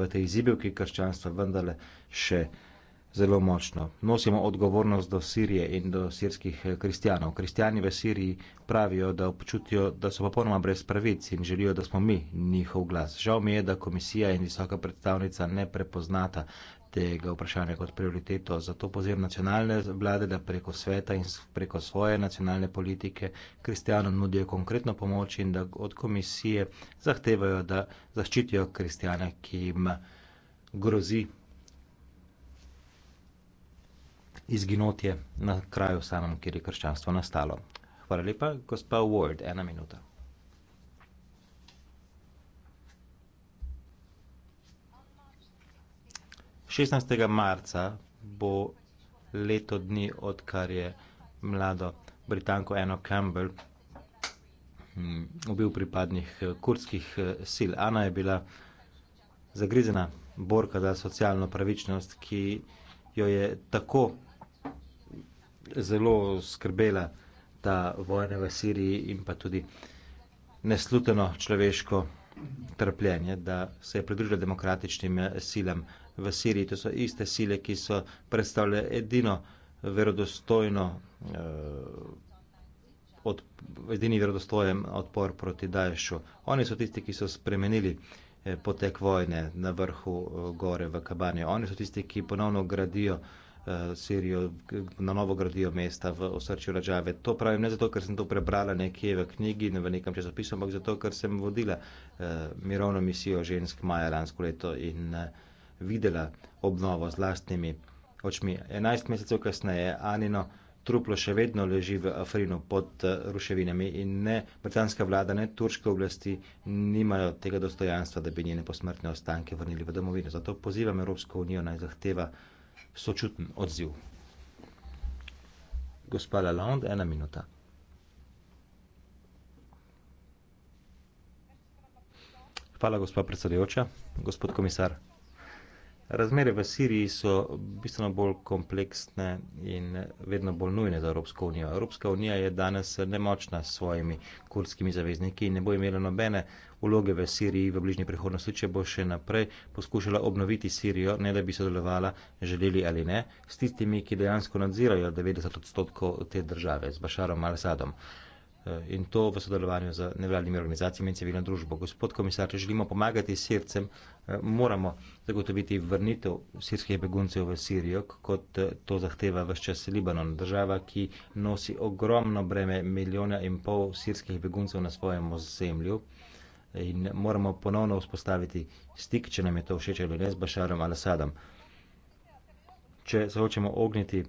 v tej zibelki krščanstva vendarle še zelo močno. Nosimo odgovornost do Sirije in do sirskih eh, kristjanov. Kristjani v Siriji pravijo, da občutijo, da so popolnoma brez pravic in želijo, da smo mi njihov glas. Žal mi je, da komisija in visoka predstavnica ne prepoznata tega vprašanja kot prioriteto. Zato poziv nacionalne vlade, da preko sveta in preko svoje nacionalne politike kristijanom nudijo konkretno pomoč in da od komisije zahtevajo, da zaščitijo kristijane, ki jim grozi izginotje na kraju samem, kjer je krščanstvo nastalo. Hvala lepa, gospa Ward, ena minuta. 16. marca bo leto dni, odkar je mlado Britanko Anno Campbell hm, ubil pripadnih eh, kurdskih eh, sil. Ana je bila zagrizena borka za socialno pravičnost, ki jo je tako zelo skrbela ta vojna v Siriji in pa tudi nesluteno človeško trpljenje, da se je pridružila demokratičnim eh, silam v Siriji. To so iste sile, ki so predstavljale edino verodostojno, eh, od, edini verodostojen odpor proti Daješu. Oni so tisti, ki so spremenili eh, potek vojne na vrhu eh, gore v Kabanijo. Oni so tisti, ki ponovno gradijo eh, Sirijo, na novo gradijo mesta v osrčju Rađave. To pravim ne zato, ker sem to prebrala nekje v knjigi in v nekem časopisu, ampak zato, ker sem vodila eh, mirovno misijo žensk maja lansko leto in eh, videla obnovo z lastnimi očmi. 11 mesecev kasneje Anino truplo še vedno leži v Afrinu pod eh, ruševinami in ne britanska vlada, ne turške oblasti nimajo tega dostojanstva, da bi njene posmrtne ostanke vrnili v domovino. Zato pozivam Evropsko unijo naj zahteva sočuten odziv. Gospa Lalonde, ena minuta. Hvala, gospod predsedujoča, gospod komisar. Razmere v Siriji so bistveno bolj kompleksne in vedno bolj nujne za Evropsko unijo. Evropska unija je danes nemočna s svojimi kurdskimi zavezniki in ne bo imela nobene vloge v Siriji v bližnji prihodnosti, če bo še naprej poskušala obnoviti Sirijo, ne da bi sodelovala, želeli ali ne, s tistimi, ki dejansko nadzirajo 90 odstotkov te države, z Bašarom Al-Sadom. Eh, in to v sodelovanju z nevladnimi organizacijami in civilno družbo. Gospod komisar, če želimo pomagati Sircem, eh, moramo zagotoviti vrnitev sirskih beguncev v Sirijo, kot eh, to zahteva vse čas Libanon, država, ki nosi ogromno breme milijona in pol sirskih beguncev na svojem ozemlju. In moramo ponovno vzpostaviti stik, če nam je to všeč ali ne, z Bašarom ali Sadom. Če se hočemo ogniti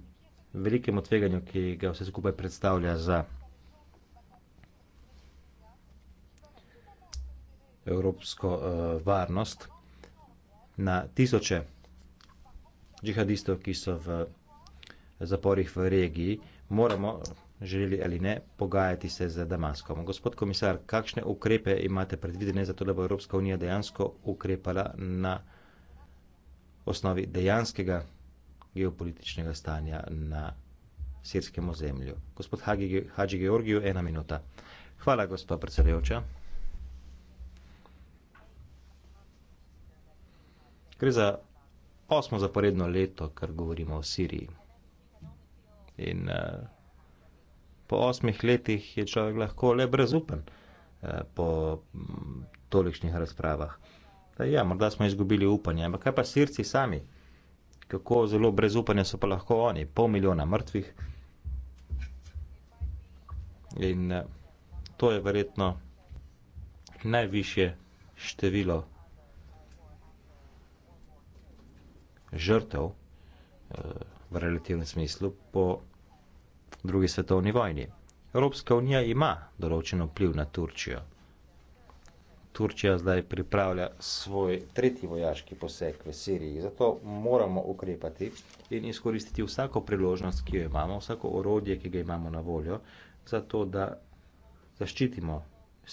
velikemu tveganju, ki ga vse skupaj predstavlja za evropsko uh, varnost na tisoče džihadistov, ki so v zaporih v regiji, moramo, želeli ali ne, pogajati se z Damaskom. Gospod komisar, kakšne ukrepe imate predvidene za to, da bo Evropska unija dejansko ukrepala na osnovi dejanskega geopolitičnega stanja na sirskem ozemlju? Gospod Hagi, Hagi Georgiju, ena minuta. Hvala, gospod predsedujoča. Gre za osmo zaporedno leto, kar govorimo o Siriji. In uh, po osmih letih je človek lahko le brezupen uh, po mm, tolikšnih razpravah. Da, ja, morda smo izgubili upanje, ampak kaj pa Sirci sami? Kako zelo brezupanje so pa lahko oni? Pol milijona mrtvih. In uh, to je verjetno najviše število. žrtev eh, v relativnem smislu po drugi svetovni vojni. Evropska unija ima določen vpliv na Turčijo. Turčija zdaj pripravlja svoj tretji vojaški poseg v Siriji, zato moramo ukrepati in izkoristiti vsako priložnost, ki jo imamo, vsako orodje, ki ga imamo na voljo, zato da zaščitimo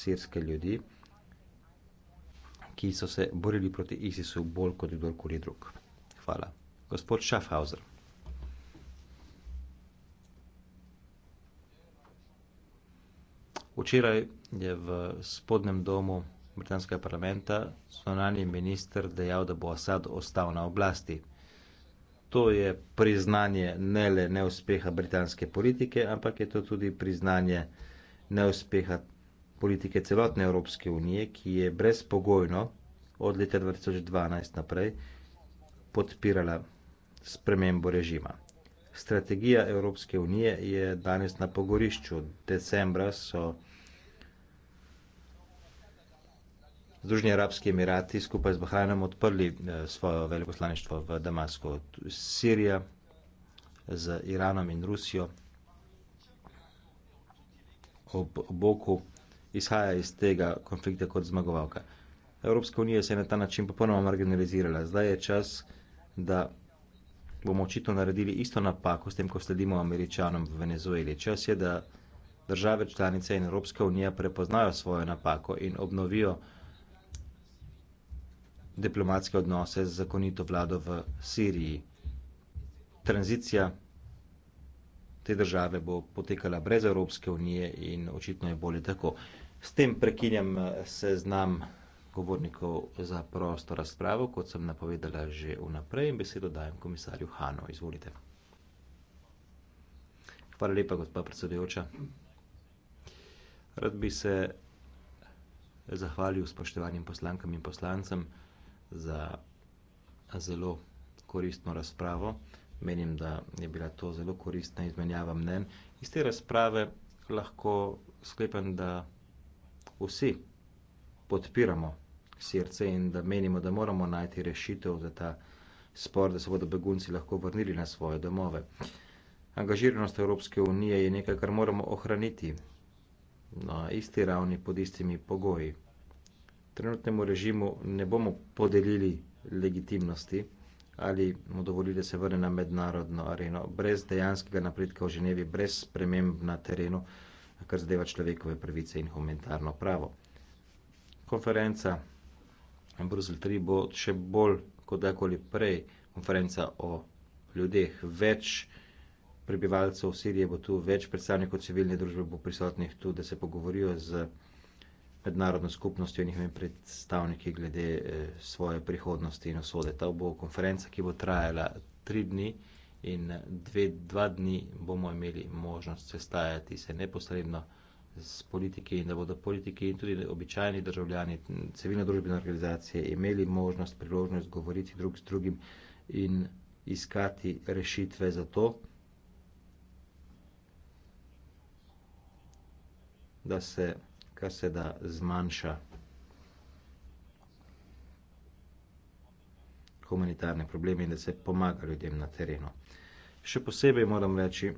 sirske ljudi, ki so se borili proti ISIS-u bolj kot kdorkoli drug. Hvala. Gospod Schaffhauser. Včeraj je v spodnjem domu britanskega parlamenta zunani minister dejal, da bo Asad ostal na oblasti. To je priznanje ne le neuspeha britanske politike, ampak je to tudi priznanje neuspeha politike celotne Evropske unije, ki je brezpogojno od leta 2012 naprej podpirala spremembo režima. Strategija Evropske unije je danes na pogorišču. Decembra so Združeni arabski emirati skupaj z Bahrajnom odprli eh, svojo veleposlaništvo v Damasku. Sirija z Iranom in Rusijo ob boku izhaja iz tega konflikta kot zmagovalka. Evropska unija se je na ta način popolnoma marginalizirala. Zdaj je čas, da bomo očitno naredili isto napako s tem, ko sledimo američanom v Venezueli. Čas je, da države članice in Evropska unija prepoznajo svojo napako in obnovijo diplomatske odnose z zakonito vlado v Siriji. Tranzicija te države bo potekala brez Evropske unije in očitno je bolje tako. S tem prekinjam eh, seznam govornikov za prosto razpravo, kot sem napovedala že vnaprej in besedo dajem komisarju Hanu. Izvolite. Hvala lepa, gospa predsedujoča. Rad bi se zahvalil spoštovanim poslankam in poslancem za zelo koristno razpravo. Menim, da je bila to zelo koristna izmenjava mnen. Iz te razprave lahko sklepam, da vsi podpiramo srce in da menimo, da moramo najti rešitev za ta spor, da se bodo begunci lahko vrnili na svoje domove. Angažiranost Evropske unije je nekaj, kar moramo ohraniti na isti ravni pod istimi pogoji. Trenutnemu režimu ne bomo podelili legitimnosti ali mu dovolili, da se vrne na mednarodno areno, brez dejanskega napredka v Ženevi, brez sprememb na terenu, kar zadeva človekove pravice in humanitarno pravo. Konferenca Bruselj 3 bo še bolj kot kakoli prej konferenca o ljudeh. Več prebivalcev Sirije bo tu, več predstavnikov civilne družbe bo prisotnih tu, da se pogovorijo z mednarodno skupnostjo in njihovimi predstavniki glede eh, svoje prihodnosti in osode. Ta bo konferenca, ki bo trajala tri dni in eh, dve, dva dni bomo imeli možnost sestajati se neposredno z politiki in da bodo politiki in tudi običajni državljani, civilne družbene organizacije imeli možnost, priložnost govoriti drug s drugim in iskati rešitve za to, da se kar se da zmanjša humanitarne probleme in da se pomaga ljudem na terenu. Še posebej moram reči,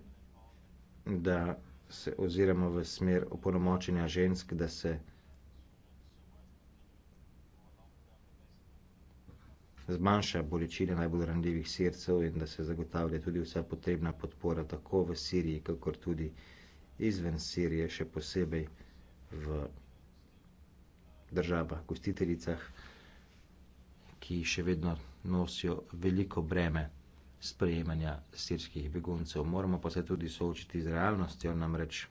da se oziramo v smer opolnomočenja žensk, da se zmanjša bolečine najbolj ranljivih sircev in da se zagotavlja tudi vsa potrebna podpora tako v Siriji, kakor tudi izven Sirije, še posebej v državah, gostiteljicah, ki še vedno nosijo veliko breme sprejemanja sirskih beguncev moramo pa se tudi soočiti z realnostjo namreč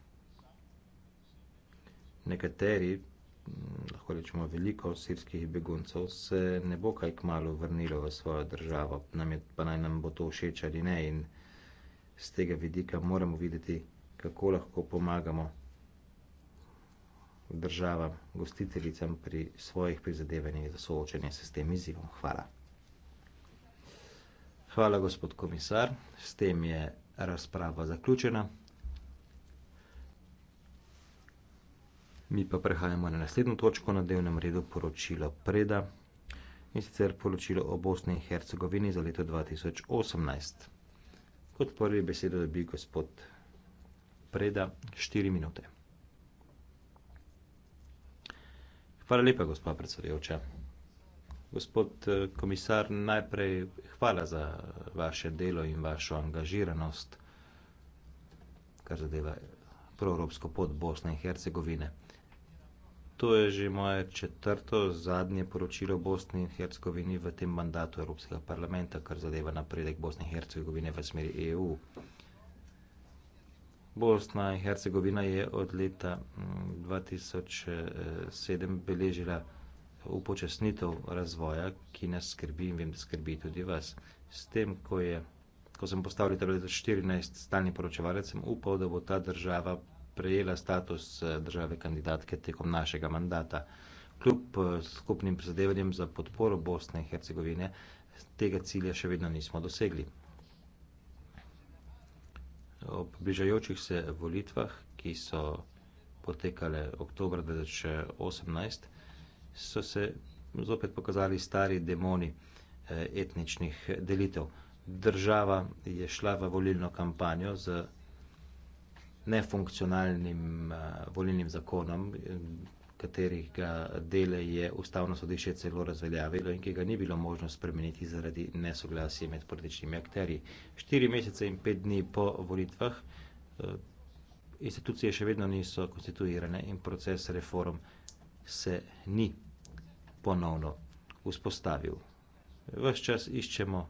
nekateri mm, lahko rečemo veliko sirskih beguncev se ne bo kaj kmalo vrnilo v svojo državo nam je, pa naj nam bo to všeč ali ne in z tega vidika moramo videti kako lahko pomagamo državam, gostiteljicam pri svojih prizadevanjih za soočanje s tem izzivom. Hvala. Hvala, gospod komisar. S tem je razprava zaključena. Mi pa prehajamo na naslednjo točko na dnevnem redu poročilo Preda in sicer poročilo o Bosni in Hercegovini za leto 2018. Kot prvi besedo dobi gospod Preda, 4 minute. Hvala lepa, gospod predsedujoča. Gospod eh, komisar, najprej hvala za vaše delo in vašo angažiranost, kar zadeva proevropsko pot Bosne in Hercegovine. To je že moje četrto zadnje poročilo Bosni in Hercegovini v tem mandatu Evropskega parlamenta, kar zadeva napredek Bosne in Hercegovine v smeri EU. Bosna in Hercegovina je od leta 2007 mm, eh, beležila upočasnitev razvoja, ki nas skrbi in vem, da skrbi tudi vas. S tem, ko, je, ko sem postavil leta 2014 stalni poročevalec, sem upal, da bo ta država prejela status eh, države kandidatke tekom našega mandata. Kljub eh, skupnim prizadevanjem za podporo Bosne in Hercegovine, tega cilja še vedno nismo dosegli. Ob bližajočih se volitvah, ki so potekale oktober 2018, so se zopet pokazali stari demoni eh, etničnih delitev. Država je šla v volilno kampanjo z nefunkcionalnim eh, volilnim zakonom, katerih eh, dele je ustavno sodišče celo razveljavilo in ki ga ni bilo možno spremeniti zaradi nesoglasja med političnimi akterji. Štiri mesece in pet dni po volitvah institucije še vedno niso konstituirane in proces reform se ni ponovno vzpostavil. Ves čas iščemo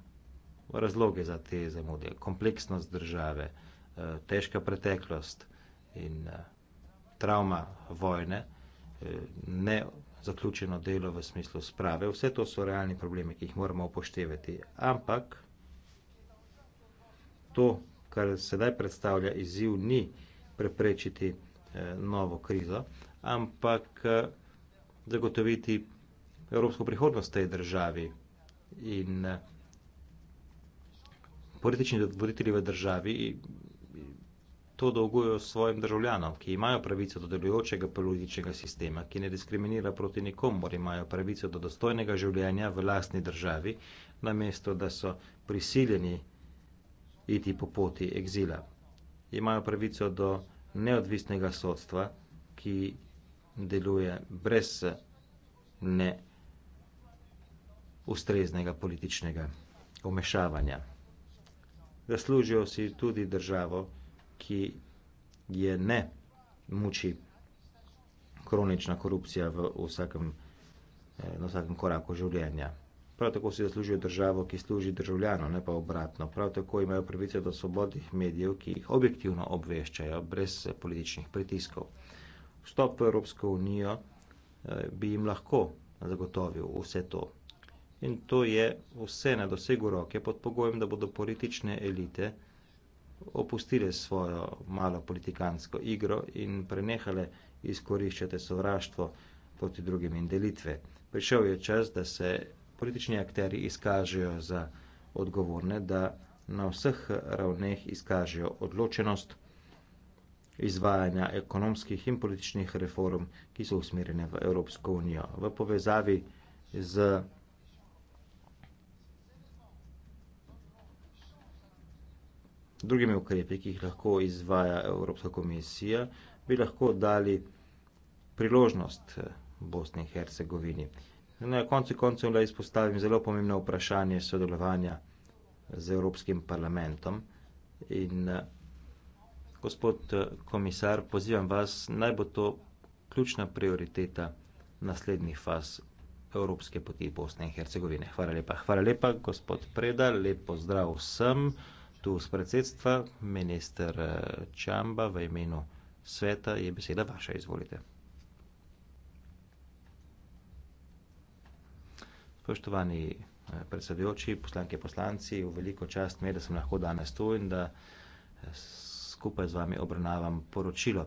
razloge za te zamude, kompleksnost države, eh, težka preteklost in eh, travma vojne, eh, ne zaključeno delo v smislu sprave, vse to so realni problemi, ki jih moramo upoštevati, ampak to, kar sedaj predstavlja izziv, ni preprečiti novo krizo, ampak zagotoviti evropsko prihodnost tej državi in eh, politični voditelji v državi eh, to dolgujo svojim državljanom, ki imajo pravico do delujočega političnega sistema, ki ne diskriminira proti nikomor, imajo pravico do dostojnega življenja v lastni državi, namesto da so prisiljeni iti po poti egzila. Imajo pravico do neodvisnega sodstva, ki deluje brez eh, ne ustreznega političnega omešavanja. Zaslužijo si tudi državo, ki je ne muči kronična korupcija v vsakem, eh, na vsakem koraku življenja. Prav tako si zaslužijo državo, ki služi državljano, ne pa obratno. Prav tako imajo pravice do svobodnih medijev, ki jih objektivno obveščajo, brez eh, političnih pritiskov vstop v Evropsko unijo eh, bi jim lahko zagotovil vse to. In to je vse na dosegu roke pod pogojem, da bodo politične elite opustile svojo malo politikansko igro in prenehale izkoriščati sovraštvo proti drugim in delitve. Prišel je čas, da se politični akteri izkažejo za odgovorne, da na vseh ravneh izkažejo odločenost izvajanja ekonomskih in političnih reform, ki so usmerjene v Evropsko unijo. V povezavi z drugimi ukrepi, ki jih lahko izvaja Evropska komisija, bi lahko dali priložnost eh, Bosni in Hercegovini. Na koncu koncev le izpostavim zelo pomembno vprašanje sodelovanja z Evropskim parlamentom in uh, Gospod eh, komisar, pozivam vas, naj bo to ključna prioriteta naslednjih faz Evropske poti Bosne in Hercegovine. Hvala lepa. Hvala lepa, gospod Preda. Lepo zdrav vsem tu z predsedstva. Minister eh, Čamba v imenu sveta je beseda vaša. Izvolite. Spoštovani eh, predsedujoči, poslanke poslanci, v veliko čast mi je, da sem lahko danes tu in da skupaj z vami obravnavam poročilo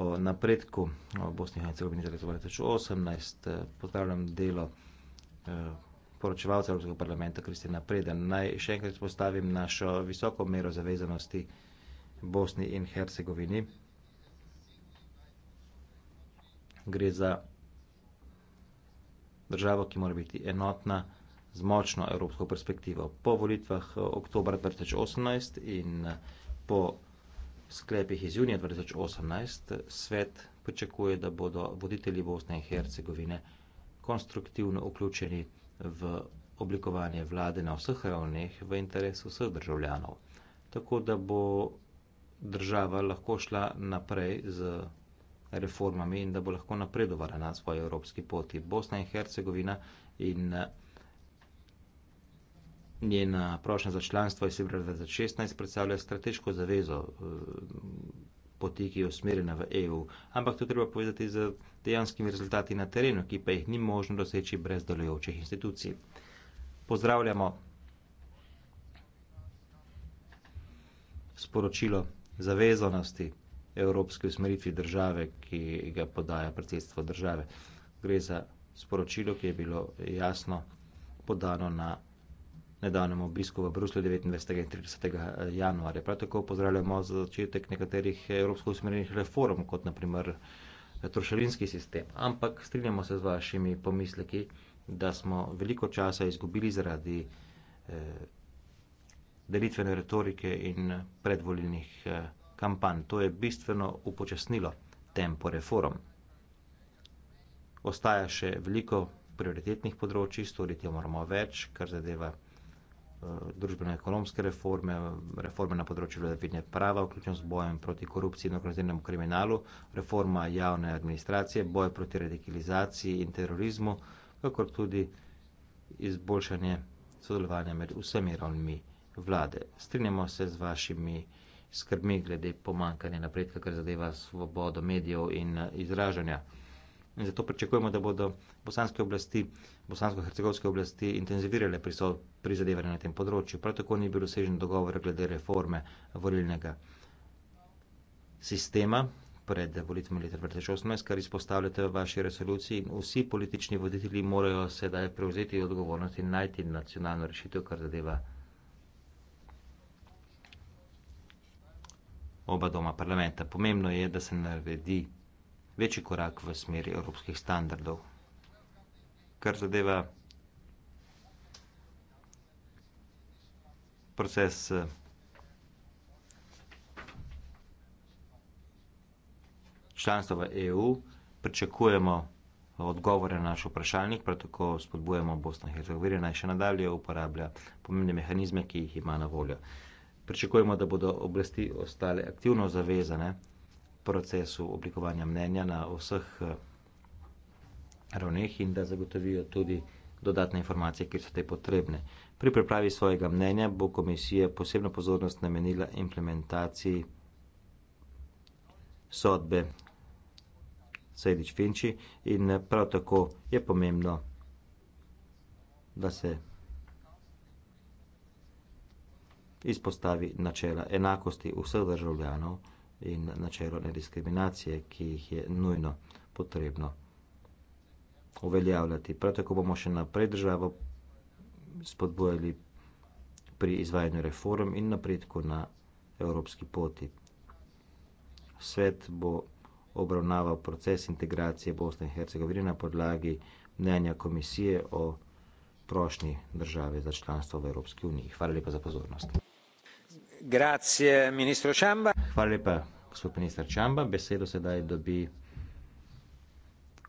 o napredku o Bosni in Hercegovini za leto 2018. Eh, pozdravljam delo eh, poročevalca Evropskega parlamenta Kristina Preda. Naj še enkrat izpostavim našo visoko mero zavezanosti Bosni in Hercegovini. Gre za državo, ki mora biti enotna z močno evropsko perspektivo. Po volitvah eh, oktober 2018 in po sklepih iz junija 2018 svet pričakuje, da bodo voditelji Bosne in Hercegovine konstruktivno vključeni v oblikovanje vlade na vseh ravneh v interesu vseh državljanov, tako da bo država lahko šla naprej z reformami in da bo lahko napredovala na svoji evropski poti. Bosna in Hercegovina in Njena prošnja za članstvo iz februarja 2016 predstavlja strateško zavezo eh, poti, ki je usmerjena v EU, ampak to treba povezati z dejanskimi rezultati na terenu, ki pa jih ni možno doseči brez delujočih institucij. Pozdravljamo sporočilo zavezanosti Evropske usmeritvi države, ki ga podaja predsedstvo države. Gre za sporočilo, ki je bilo jasno podano na nedavnemu obisku v Bruslju 29. in 30. Eh, januarja. Prav tako pozdravljamo za začetek nekaterih eh, evropsko usmerjenih reform, kot naprimer eh, trošarinski sistem. Ampak strinjamo se z vašimi pomisleki, da smo veliko časa izgubili zaradi eh, delitvene retorike in predvoljenih eh, kampanj. To je bistveno upočasnilo tempo reform. Ostaja še veliko prioritetnih področji, storiti jo moramo več, kar zadeva Eh, družbeno-ekonomske reforme, reforme na področju vladavine prava, vključno z bojem proti korupciji in organiziranemu kriminalu, reforma javne administracije, boj proti radikalizaciji in terorizmu, kakor tudi izboljšanje sodelovanja med vsemi ravnmi vlade. Strinjamo se z vašimi skrbmi glede pomankanja napredka, kar zadeva svobodo medijev in izražanja. In zato pričakujemo, da bodo bosanske oblasti, bosansko-hercegovske oblasti intenzivirale prizadevanje na tem področju. Prav tako ni bilo vsežen dogovor glede reforme volilnega sistema pred volitvami leta 2018, kar izpostavljate v vaši resoluciji. Vsi politični voditelji morajo sedaj prevzeti odgovornost in najti nacionalno rešitev, kar zadeva oba doma parlamenta. Pomembno je, da se naredi večji korak v smeri evropskih standardov kar zadeva proces članstva v EU pričakujemo odgovore na naš vprašalnik, prav tako spodbujemo Bosno in Hercegovino naj še nadalje uporablja pomembne mehanizme, ki jih ima na voljo. Pričakujemo, da bodo oblasti ostale aktivno zavezane procesu oblikovanja mnenja na vseh eh, ravneh in da zagotovijo tudi dodatne informacije, ki so te potrebne. Pri pripravi svojega mnenja bo komisija posebno pozornost namenila implementaciji sodbe Sejdič Finči in eh, prav tako je pomembno, da se izpostavi načela enakosti vseh državljanov, in načelo nediskriminacije, ki jih je nujno potrebno uveljavljati. Prav tako bomo še naprej državo spodbojali pri izvajanju reform in napredku na evropski poti. Svet bo obravnaval proces integracije Bosne in Hercegovine na podlagi mnenja komisije o prošnji države za članstvo v Evropski uniji. Hvala lepa za pozornost. Hvala lepa, gospod minister Čamba. Besedo sedaj dobi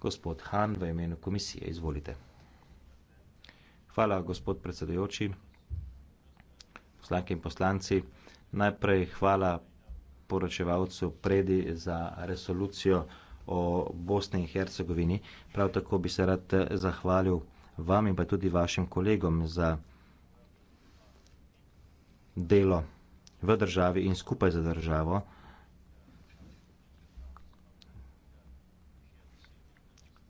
gospod Han v imenu komisije. Izvolite. Hvala, gospod predsedujoči, poslanke in poslanci. Najprej hvala poročevalcu Predi za resolucijo o Bosni in Hercegovini. Prav tako bi se rad zahvalil vam in pa tudi vašim kolegom za delo v državi in skupaj za državo.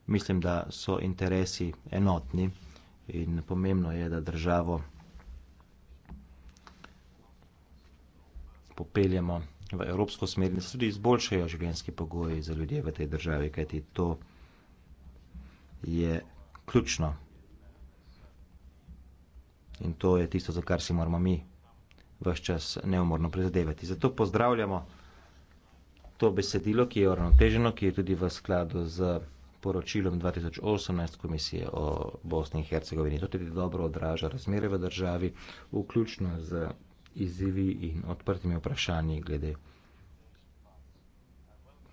Mislim, da so interesi enotni in pomembno je, da državo popeljamo v evropsko smer in tudi izboljšajo življenjski pogoji za ljudje v tej državi, kajti to je ključno. In to je tisto, za kar si moramo mi vse čas neumorno prizadevati. Zato pozdravljamo to besedilo, ki je uravnoteženo, ki je tudi v skladu z poročilom 2018 komisije o Bosni in Hercegovini. To tudi dobro odraža razmere v državi, vključno z izzivi in odprtimi vprašanji glede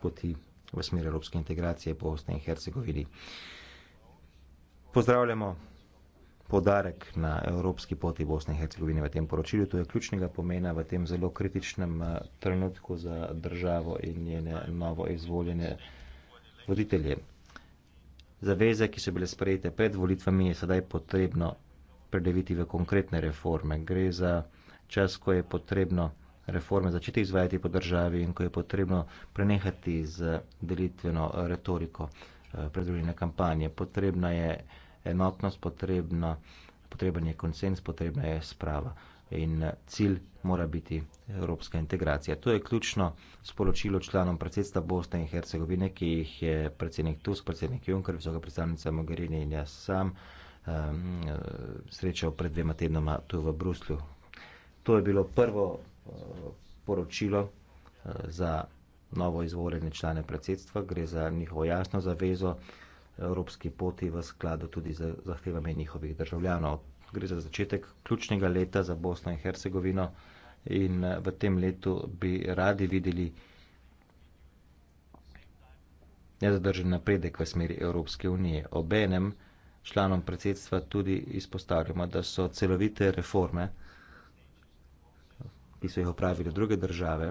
poti v smeri evropske integracije Bosne in Hercegovini. Pozdravljamo podarek na evropski poti Bosne in Hercegovine v tem poročilu. To je ključnega pomena v tem zelo kritičnem eh, trenutku za državo in njene novo izvoljene voditelje. Zaveze, ki so bile sprejete pred volitvami, je sedaj potrebno predeviti v konkretne reforme. Gre za čas, ko je potrebno reforme začeti izvajati po državi in ko je potrebno prenehati z delitveno retoriko eh, predvoljene kampanje. Potrebna je enotnost, potrebna, potreben je konsens, potrebna je sprava. In cilj mora biti evropska integracija. To je ključno sporočilo članom predsedstva Bosne in Hercegovine, ki jih je predsednik Tusk, predsednik Juncker, visoka predstavnica Mogherini in jaz sam um, srečal pred dvema tednoma tu v Bruslju. To je bilo prvo uh, poročilo uh, za novo izvoljene člane predsedstva. Gre za njihovo jasno zavezo, uh, evropski poti v skladu tudi z zahtevami njihovih državljanov. Gre za začetek ključnega leta za Bosno in Hercegovino in eh, v tem letu bi radi videli nezadržen napredek v smeri Evropske unije. Obenem članom predsedstva tudi izpostavljamo, da so celovite reforme, ki so jih opravili druge države,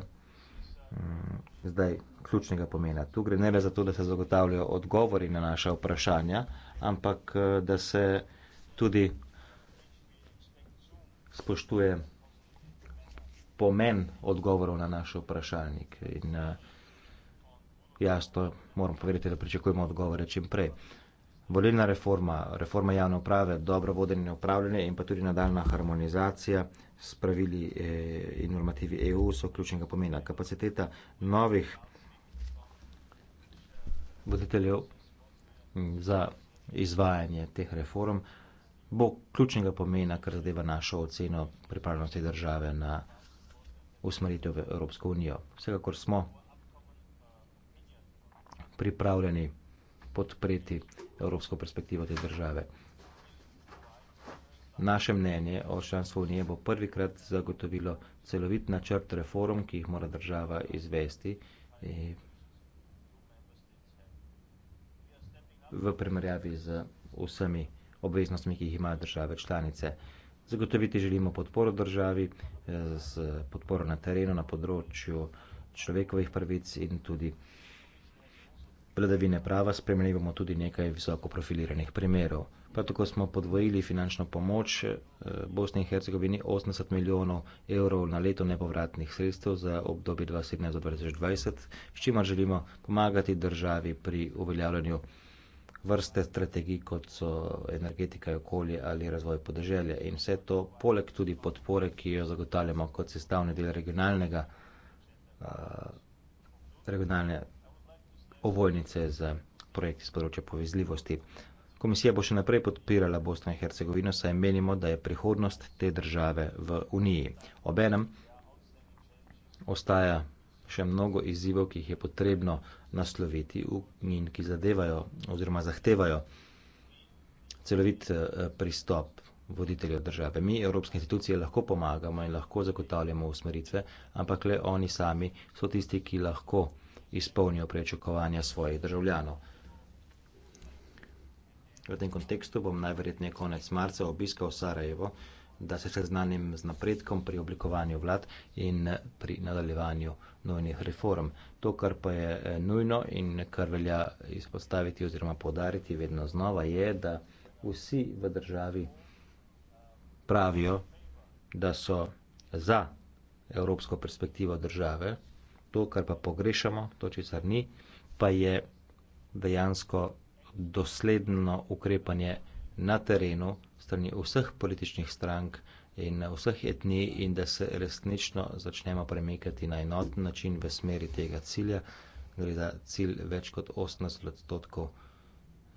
Mm, zdaj ključnega pomena. Tu gre ne le za to, da se zagotavljajo odgovori na naše vprašanja, ampak eh, da se tudi spoštuje pomen odgovorov na naš vprašalnik. In eh, jasno moramo povedati, da pričakujemo odgovore čim prej volilna reforma, reforma javne uprave, dobro vodenje in upravljanje in pa tudi nadaljna harmonizacija s pravili eh, in normativi EU so ključnega pomena. Kapaciteta novih voditeljev mm, za izvajanje teh reform bo ključnega pomena, kar zadeva našo oceno pripravljenosti države na usmeritev v Evropsko unijo. Vsekakor smo pripravljeni podpreti evropsko perspektivo te države. Naše mnenje o članstvu Unije bo prvikrat zagotovilo celovit načrt reform, ki jih mora država izvesti eh, v primerjavi z vsemi obveznostmi, ki jih imajo države članice. Zagotoviti želimo podporo državi z eh, podporo na terenu, na področju človekovih prvic in tudi Vladavine prava spremljivamo tudi nekaj visoko profiliranih primerov. Prav tako smo podvojili finančno pomoč eh, Bosni in Hercegovini 80 milijonov evrov na leto nepovratnih sredstev za obdobje 2017-2020, s čimer želimo pomagati državi pri uveljavljanju vrste strategij, kot so energetika, okolje ali razvoj podeželja. In vse to poleg tudi podpore, ki jo zagotavljamo kot sestavni del eh, regionalne ovojnice z projekti z področja povezljivosti. Komisija bo še naprej podpirala Bosno in Hercegovino, saj menimo, da je prihodnost te države v Uniji. Obenem ostaja še mnogo izzivov, ki jih je potrebno nasloviti in ki zadevajo oziroma zahtevajo celovit eh, pristop voditeljev države. Mi, evropske institucije, lahko pomagamo in lahko zagotavljamo usmeritve, ampak le oni sami so tisti, ki lahko izpolnijo prečakovanja svojih državljanov. V tem kontekstu bom najverjetneje konec marca obiskal Sarajevo, da se seznanim z napredkom pri oblikovanju vlad in pri nadaljevanju nujnih reform. To, kar pa je eh, nujno in kar velja izpostaviti oziroma podariti vedno znova, je, da vsi v državi pravijo, da so za evropsko perspektivo države to, kar pa pogrešamo, to, česar ni, pa je dejansko dosledno ukrepanje na terenu strani vseh političnih strank in vseh etni in da se resnično začnemo premikati na enoten način v smeri tega cilja. Gre za cilj več kot 18 odstotkov.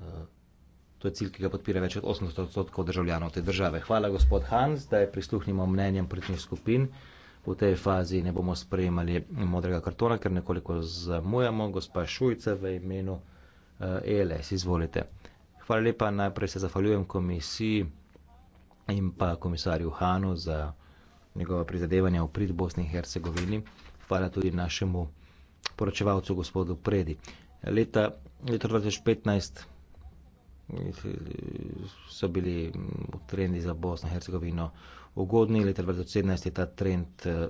Eh, to je cilj, ki ga podpira več kot 80 odstotkov državljanov te države. Hvala, gospod Hans, da je prisluhnimo mnenjem političnih skupin. V tej fazi ne bomo sprejemali modrega kartona, ker nekoliko zamujamo. Gospa Šujce v imenu uh, eh, ELS, izvolite. Hvala lepa, najprej se zahvaljujem komisiji in pa komisarju Hanu za njegova prizadevanja v prid Bosni in Hercegovini. Hvala tudi našemu poročevalcu gospodu Predi. Leta, leta 2015 eh, so bili mm, trendi za Bosno in Hercegovino ugodni, leta 2017 je ta trend eh,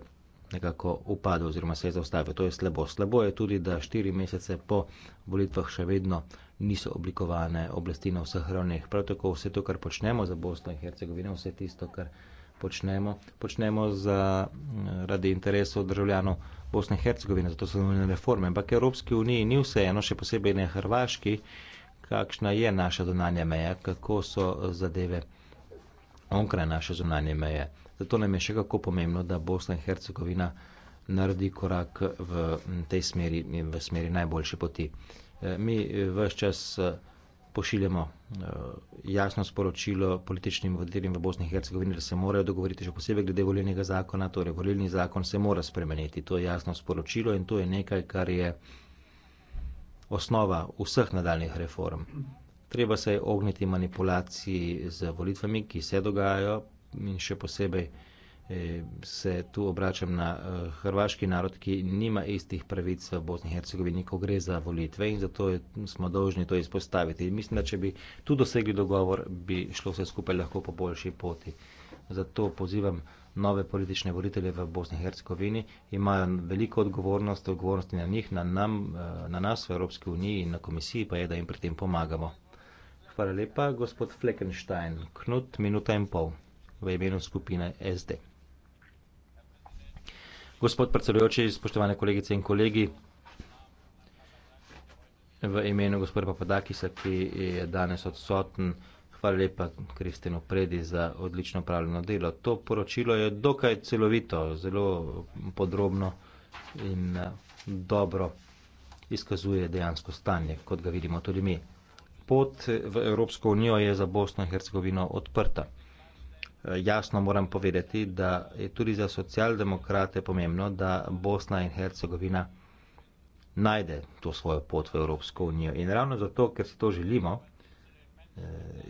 nekako upadel oziroma se je zaustavil. To je slabo. Slabo je tudi, da štiri mesece po volitvah še vedno niso oblikovane oblasti na vseh ravneh. Prav tako vse to, kar počnemo za Bosno in Hercegovino, vse tisto, kar počnemo, počnemo za, mm, radi interesov državljanov Bosne in Hercegovine, zato so nujne reforme. Ampak Evropski uniji ni vseeno, še posebej ne Hrvaški, kakšna je naša donanja meja, kako so zadeve onkraj naše zunanje meje. Zato nam je še kako pomembno, da Bosna in Hercegovina naredi korak v tej smeri, v smeri najboljše poti. E, mi vse čas e, pošiljamo e, jasno sporočilo političnim voditeljem v Bosni in Hercegovini, da se morajo dogovoriti, še posebej glede volilnega zakona, torej volilni zakon se mora spremeniti. To je jasno sporočilo in to je nekaj, kar je osnova vseh nadaljnih reform. Treba se je ogniti manipulaciji z volitvami, ki se dogajajo in še posebej eh, se tu obračam na eh, hrvaški narod, ki nima istih pravic v Bosni in Hercegovini, ko gre za volitve in zato je, smo dolžni to izpostaviti. Mislim, da če bi tu dosegli dogovor, bi šlo vse skupaj lahko po boljši poti. Zato pozivam nove politične voditelje v Bosni in Hercegovini, imajo veliko odgovornost, odgovornosti na njih, na, nam, eh, na nas v Evropski uniji in na komisiji pa je, da jim pri tem pomagamo. Hvala lepa, gospod Fleckenstein. Knut, minuta in pol v imenu skupine SD. Gospod predsedujoči, spoštovane kolegice in kolegi, v imenu gospoda Papadakisa, ki je danes odsoten, hvala lepa Kristjanu Predi za odlično upravljeno delo. To poročilo je dokaj celovito, zelo podrobno in eh, dobro izkazuje dejansko stanje, kot ga vidimo tudi mi pot v Evropsko unijo je za Bosno in Hercegovino odprta. Eh, jasno moram povedati, da je tudi za socialdemokrate pomembno, da Bosna in Hercegovina najde to svojo pot v Evropsko unijo. In ravno zato, ker si to želimo eh,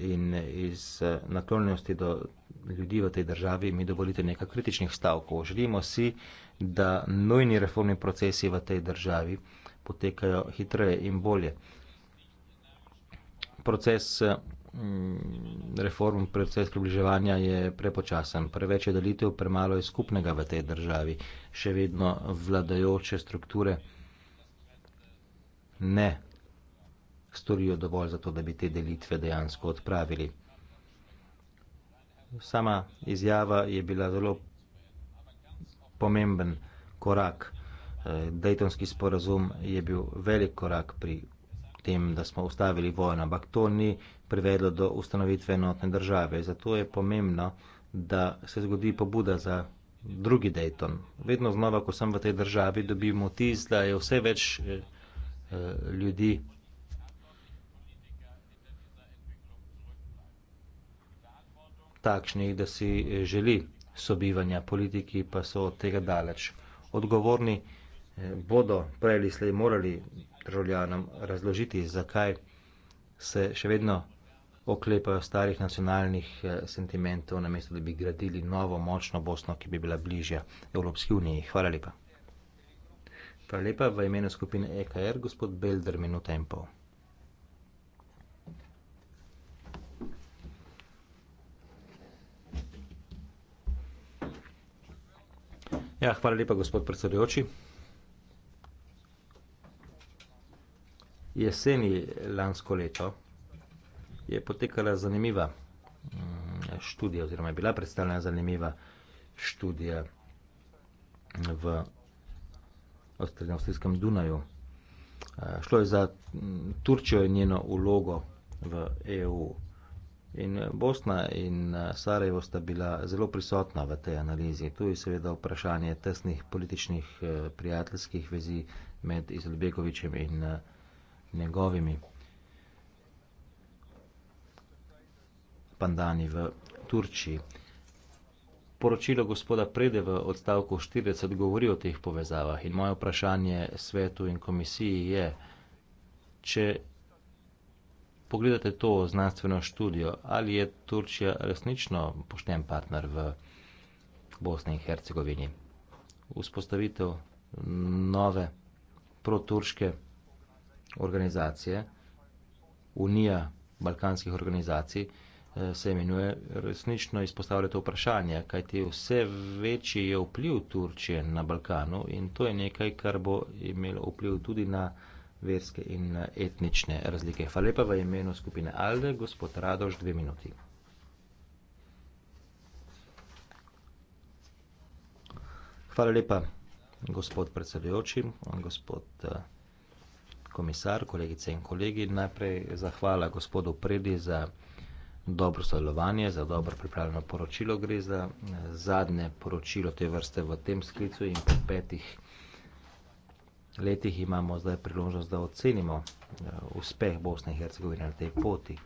in iz eh, naklonjenosti do ljudi v tej državi mi dovolite nekaj kritičnih stavkov. Želimo si, da nujni reformni procesi v tej državi potekajo hitreje in bolje proces eh, mm, reform, proces približevanja je prepočasen. Preveč je delitev, premalo je skupnega v tej državi. Še vedno vladajoče strukture ne storijo dovolj za to, da bi te delitve dejansko odpravili. Sama izjava je bila zelo pomemben korak. Eh, Dejtonski sporazum je bil velik korak pri tem, da smo ustavili vojno, ampak to ni privedlo do ustanovitve enotne države. Zato je pomembno, da se zgodi pobuda za drugi Dayton. Vedno znova, ko sem v tej državi, dobim vtis, da je vse več eh, eh ljudi. Takšni, da si eh, želi sobivanja, politiki pa so od tega daleč. Odgovorni eh, bodo prej ali slej morali državljanom razložiti, zakaj se še vedno oklepajo starih nacionalnih eh, sentimentov, namesto da bi gradili novo močno Bosno, ki bi bila bližja Evropski uniji. Hvala lepa. Hvala lepa v imenu skupine EKR, gospod Belder, minuta in pol. Ja, hvala lepa, gospod predsedujoči. jeseni lansko leto je potekala zanimiva mm, študija, oziroma je bila predstavljena zanimiva študija v Ostrednjavstvijskem Dunaju. Eh, šlo je za mm, Turčjo in njeno ulogo v EU. In eh, Bosna in eh, Sarajevo sta bila zelo prisotna v tej analizi. Tu je seveda vprašanje tesnih političnih prijateljskih vezi med Izelbegovičem in Sarajevo njegovimi pandani v Turčiji. Poročilo gospoda Prede v odstavku 40 govori o teh povezavah in moje vprašanje svetu in komisiji je, če pogledate to znanstveno študijo, ali je Turčija resnično pošten partner v Bosni in Hercegovini. Vzpostavitev nove proturške turške organizacije, Unija balkanskih organizacij, eh, se imenuje, resnično izpostavlja to vprašanje, kajti vse večji je vpliv Turčije na Balkanu in to je nekaj, kar bo imelo vpliv tudi na verske in etnične razlike. Hvala lepa v imenu skupine Alde, gospod Radoš, dve minuti. Hvala lepa, gospod predsedujoči, gospod. Uh, komisar, kolegice in kolegi. Najprej zahvala gospodu Predi za dobro sodelovanje, za dobro pripravljeno poročilo. Gre za eh, zadnje poročilo te vrste v tem sklicu in po petih letih imamo zdaj priložnost, da ocenimo eh, uspeh Bosne in Hercegovine na tej poti.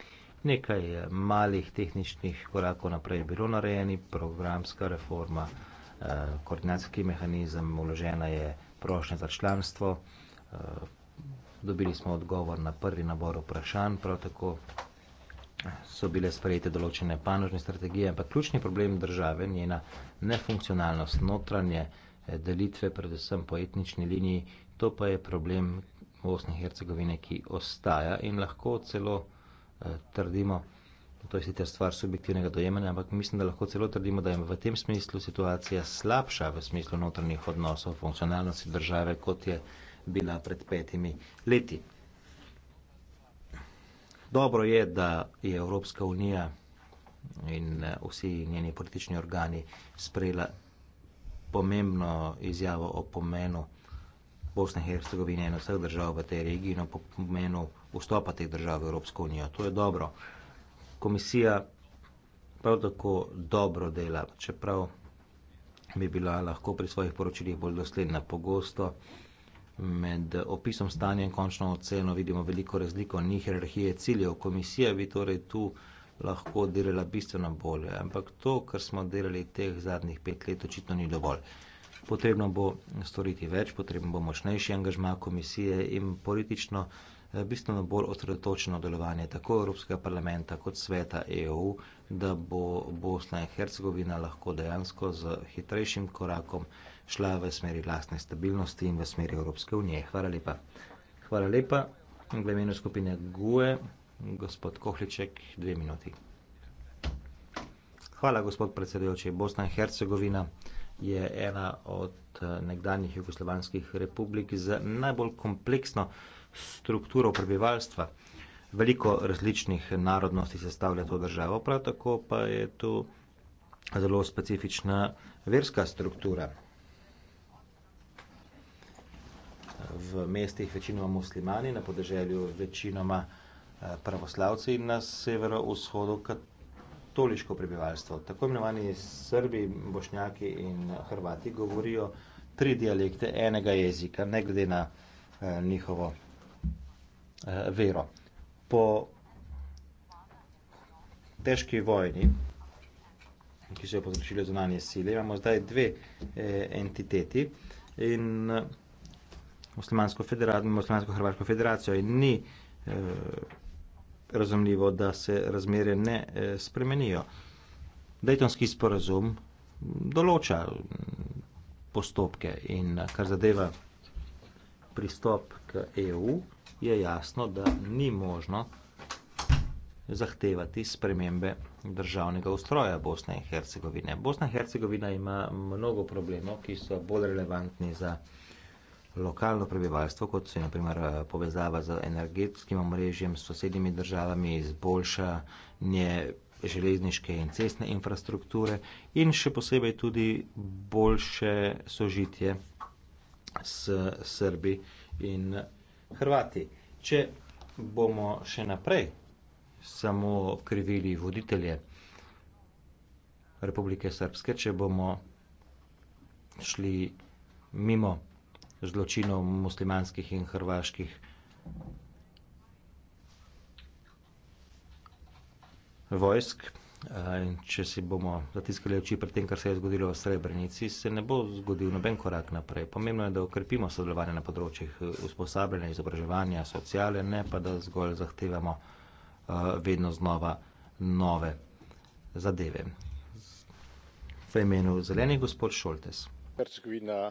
Nekaj eh, malih tehničnih korakov naprej je bilo narejeni, programska reforma, koordinacijski mehanizem, uložena je prošnja za članstvo, dobili smo odgovor na prvi nabor vprašanj, prav tako so bile sprejete določene panožne strategije, ampak ključni problem države, njena nefunkcionalnost, notranje eh, delitve, predvsem po etnični liniji, to pa je problem Bosne in Hercegovine, ki ostaja in lahko celo eh, trdimo, to je sicer stvar subjektivnega dojemanja, ampak mislim, da lahko celo trdimo, da je v tem smislu situacija slabša v smislu notranjih odnosov, funkcionalnosti države, kot je bila pred petimi leti. Dobro je, da je Evropska unija in eh, vsi njeni politični organi sprejela pomembno izjavo o pomenu Bosne in Hercegovine in vseh držav v tej regiji in o pomenu vstopa teh držav v Evropsko unijo. To je dobro. Komisija prav tako dobro dela, čeprav bi bila lahko pri svojih poročilih bolj dosledna. Pogosto Med opisom stanja in končno oceno vidimo veliko razliko ni hierarhije ciljev. Komisija bi torej tu lahko delala bistveno bolje, ampak to, kar smo delali teh zadnjih pet let, očitno ni dovolj. Potrebno bo storiti več, potrebno bo močnejši angažma komisije in politično eh, bistveno bolj osredotočeno delovanje tako Evropskega parlamenta kot sveta EU, da bo Bosna in Hercegovina lahko dejansko z hitrejšim korakom šla v smeri lastne stabilnosti in v smeri Evropske unije. Hvala lepa. Hvala lepa. V imenu skupine GUE, gospod Kohliček, dve minuti. Hvala, gospod predsedujoči. Bosna in Hercegovina je ena od eh, nekdanjih jugoslovanskih republik z najbolj kompleksno strukturo prebivalstva. Veliko različnih narodnosti sestavlja to državo, prav tako pa je tu zelo specifična verska struktura. v mestih večinoma muslimani, na podeželju večinoma eh, pravoslavci in na severovzhodu katoliško prebivalstvo. Tako imenovani Srbi, Bošnjaki in Hrvati govorijo tri dialekte enega jezika, ne glede na eh, njihovo eh, vero. Po težki vojni, ki so jo povzročile zunanje sile, imamo zdaj dve entiteti in muslimansko, federa muslimansko hrvaško federacijo in ni eh, razumljivo, da se razmere ne eh, spremenijo. Dejtonski sporazum določa mm, postopke in eh, kar zadeva pristop k EU, je jasno, da ni možno zahtevati spremembe državnega ustroja Bosne in Hercegovine. Bosna in Hercegovina ima mnogo problemov, ki so bolj relevantni za lokalno prebivalstvo, kot se je naprimer eh, povezava z energetskim omrežjem, s sosednjimi državami, izboljšanje železniške in cestne infrastrukture in še posebej tudi boljše sožitje s Srbi in Hrvati. Če bomo še naprej samo krivili voditelje Republike Srpske, če bomo šli mimo zločinov muslimanskih in hrvaških. Vojsk. Eh, če si bomo zatiskali oči pred tem, kar se je zgodilo v Srebrenici, se ne bo zgodil noben korak naprej. Pomembno je, da okrepimo sodelovanje na področjih eh, usposabljanja, izobraževanja, sociale, ne pa da zgolj zahtevamo eh, vedno znova nove zadeve. V imenu zelenih gospod Šoltes. Hercegovina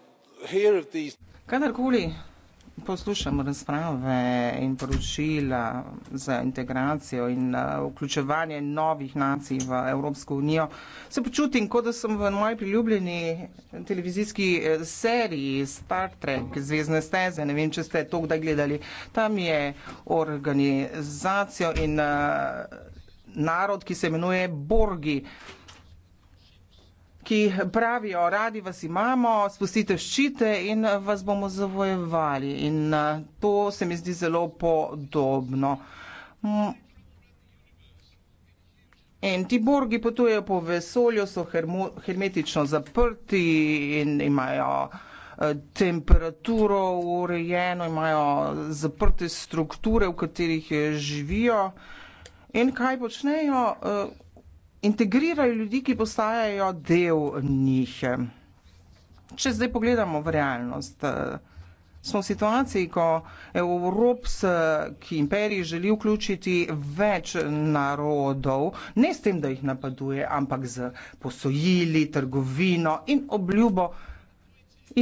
Kadarkoli poslušam razprave in poročila za integracijo in uh, vključevanje novih nacij v Evropsko unijo, se počutim, kot da sem v moji priljubljeni televizijski eh, seriji Star Trek, Zvezdne steze, ne vem, če ste to kdaj gledali. Tam je organizacijo in eh, narod, ki se imenuje Borgi ki pravijo, radi vas imamo, spustite ščite in eh, vas bomo zavojevali. In eh, to se mi zdi zelo podobno. Mm. In ti borgi potujejo po vesolju, so hermetično zaprti in imajo eh, temperaturo urejeno, imajo zaprte strukture, v katerih živijo. In kaj počnejo? integrirajo ljudi, ki postajajo del njih. Če zdaj pogledamo v realnost, eh, smo v situaciji, ko evropski eh, imperij želi vključiti več narodov, ne s tem, da jih napaduje, ampak z posojili, trgovino in obljubo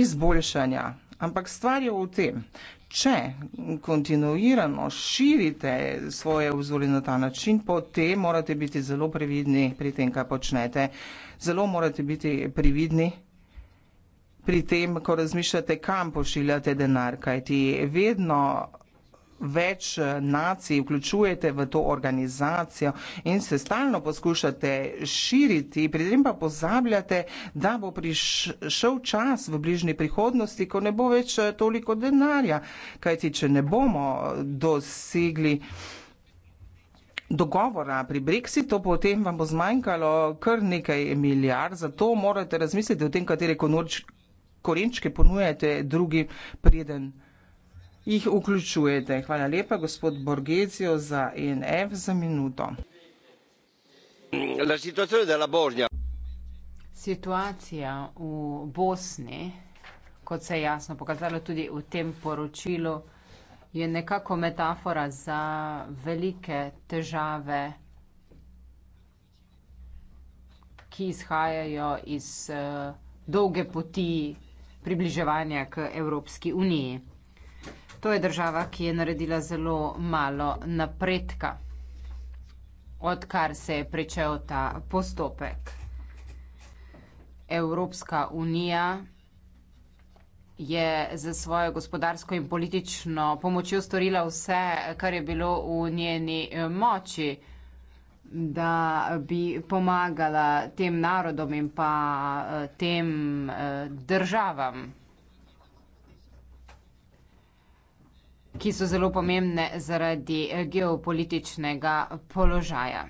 izboljšanja Ampak stvar je v tem, če kontinuirano širite svoje vzore na ta način, potem morate biti zelo previdni pri tem, kaj počnete. Zelo morate biti previdni pri tem, ko razmišljate, kam pošiljate denar, kajti vedno več eh, nacij vključujete v to organizacijo in se stalno poskušate širiti, pri tem pa pozabljate, da bo prišel čas v bližnji prihodnosti, ko ne bo več eh, toliko denarja, kajti če ne bomo eh, dosegli dogovora pri Brexitu, potem vam bo zmanjkalo kar nekaj milijard, zato morate razmisliti o tem, katere konorčke korenčke ponujate drugi preden jih vključujete. Hvala lepa, gospod Borgezio za ENF za minuto. Situacija v Bosni, kot se je jasno pokazalo tudi v tem poročilu, je nekako metafora za velike težave, ki izhajajo iz uh, dolge poti približevanja k Evropski uniji. To je država, ki je naredila zelo malo napredka, odkar se je pričel ta postopek. Evropska unija je za svojo gospodarsko in politično pomočjo storila vse, kar je bilo v njeni eh, moči, da bi pomagala tem narodom in pa eh, tem eh, državam. ki so zelo pomembne zaradi eh, geopolitičnega položaja.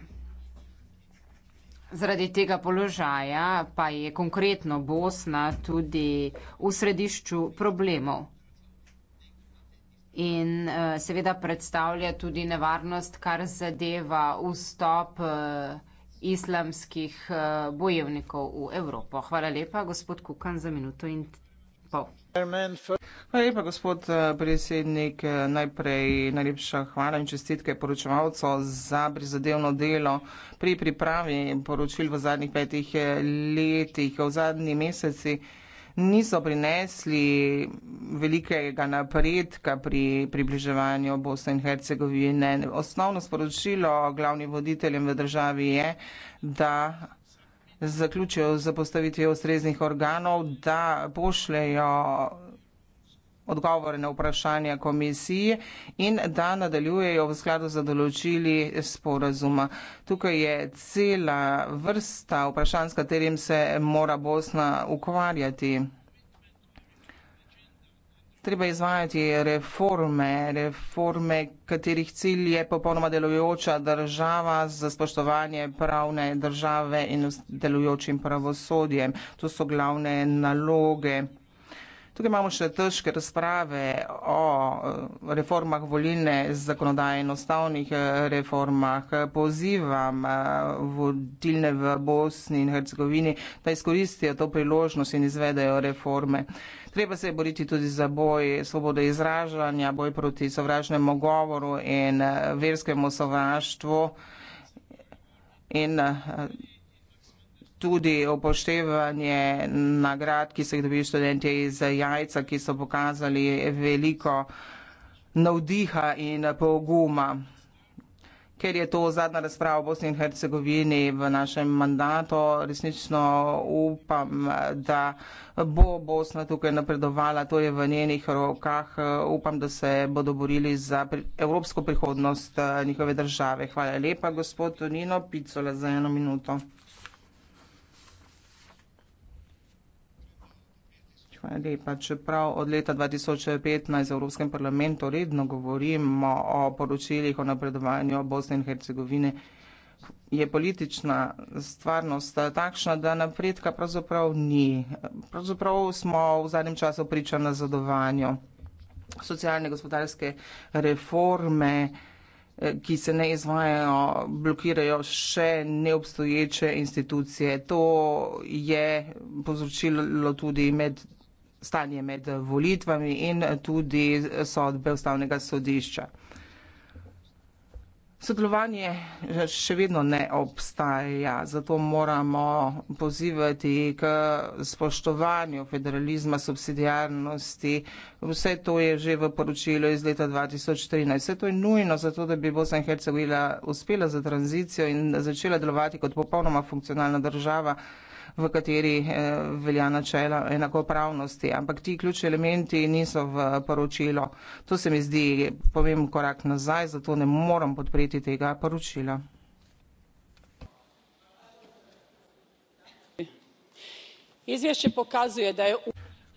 Zaradi tega položaja pa je konkretno Bosna tudi v središču problemov in eh, seveda predstavlja tudi nevarnost, kar zadeva vstop eh, islamskih bojevnikov v Evropo. Hvala lepa, gospod Kukan, za minuto in pol. Hvala lepa, gospod eh, predsednik. Eh, najprej najlepša hvala in čestitke poročevalcu za prizadevno delo pri pripravi poročil v zadnjih petih eh, letih. V zadnji meseci niso prinesli velikega napredka pri približevanju Bosne in Hercegovine. Osnovno sporočilo glavnim voditeljem v državi je, da zaključijo z postavitvijo ustreznih organov, da pošljejo odgovore na vprašanja komisiji in da nadaljujejo v skladu za določili sporazuma. Tukaj je cela vrsta vprašanj, s katerim se mora Bosna ukvarjati. Treba izvajati reforme, reforme, katerih cilj je popolnoma delujoča država za spoštovanje pravne države in delujočim pravosodjem. To so glavne naloge. Tukaj imamo še težke razprave o eh, reformah volilne zakonodaje in ostavnih eh, reformah. Pozivam eh, vodilne v Bosni in Hercegovini, da izkoristijo to priložnost in izvedejo reforme. Treba se boriti tudi za boj svobode izražanja, boj proti sovražnemu govoru in verskemu sovraštvu. In, tudi upoštevanje nagrad, ki so jih dobili študente iz jajca, ki so pokazali veliko navdiha in poguma. Ker je to zadnja razprava o Bosni in Hercegovini v našem mandatu, resnično upam, da bo Bosna tukaj napredovala, to je v njenih rokah. Upam, da se bodo borili za evropsko prihodnost eh, njihove države. Hvala lepa, gospod Tonino Picola, za eno minuto. Hvala lepa. Čeprav od leta 2015 v Evropskem parlamentu redno govorimo o poročilih o napredovanju Bosne in Hercegovine, je politična stvarnost takšna, da napredka pravzaprav ni. Pravzaprav smo v zadnjem času priča na zadovanju socialne gospodarske reforme, eh, ki se ne izvajajo, blokirajo še neobstoječe institucije. To je povzročilo tudi med stanje med volitvami in tudi sodbe ustavnega sodišča. Sodelovanje še vedno ne obstaja, zato moramo pozivati k spoštovanju federalizma, subsidijarnosti. Vse to je že v poročilu iz leta 2013. Vse to je nujno, zato da bi Bosna in Hercegovina uspela za tranzicijo in začela delovati kot popolnoma funkcionalna država v kateri eh, velja načela enakopravnosti. Ampak ti ključni elementi niso v poročilo. To se mi zdi pomemben korak nazaj, zato ne moram podpreti tega poročila. Izvješće pokazuje da je...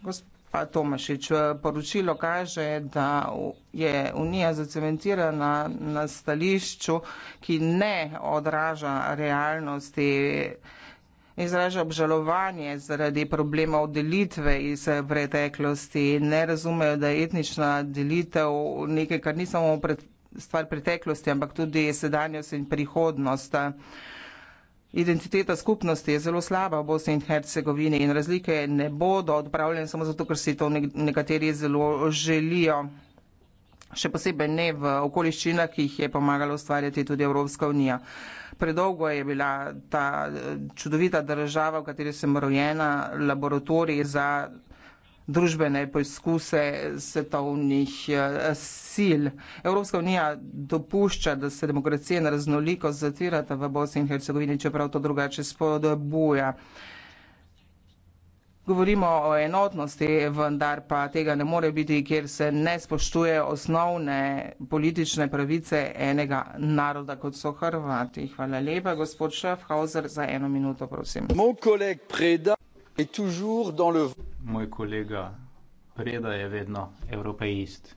Gospa Tomašić, poročilo kaže, da je Unija zacementirana na stališču, ki ne odraža realnosti izraža obžalovanje zaradi problemov delitve iz preteklosti. Ne razumejo, da je etnična delitev nekaj, kar ni samo pred, stvar preteklosti, ampak tudi sedanjost in prihodnost. Identiteta skupnosti je zelo slaba v Bosni in Hercegovini in razlike ne bodo odpravljene samo zato, ker si to nekateri zelo želijo še posebej ne v okoliščinah, ki jih je pomagala ustvarjati tudi Evropska unija. Predolgo je bila ta eh, čudovita država, v kateri sem rojena, laboratorij za družbene poizkuse svetovnih eh, sil. Evropska unija dopušča, da se demokracije na raznoliko zatirata v Bosni in Hercegovini, čeprav to drugače spodbuja. Govorimo o enotnosti, vendar pa tega ne more biti, kjer se ne spoštuje osnovne politične pravice enega naroda, kot so Hrvati. Hvala lepa, gospod Šefhauser, za eno minuto, prosim. Moj kolega Preda je vedno evropejist.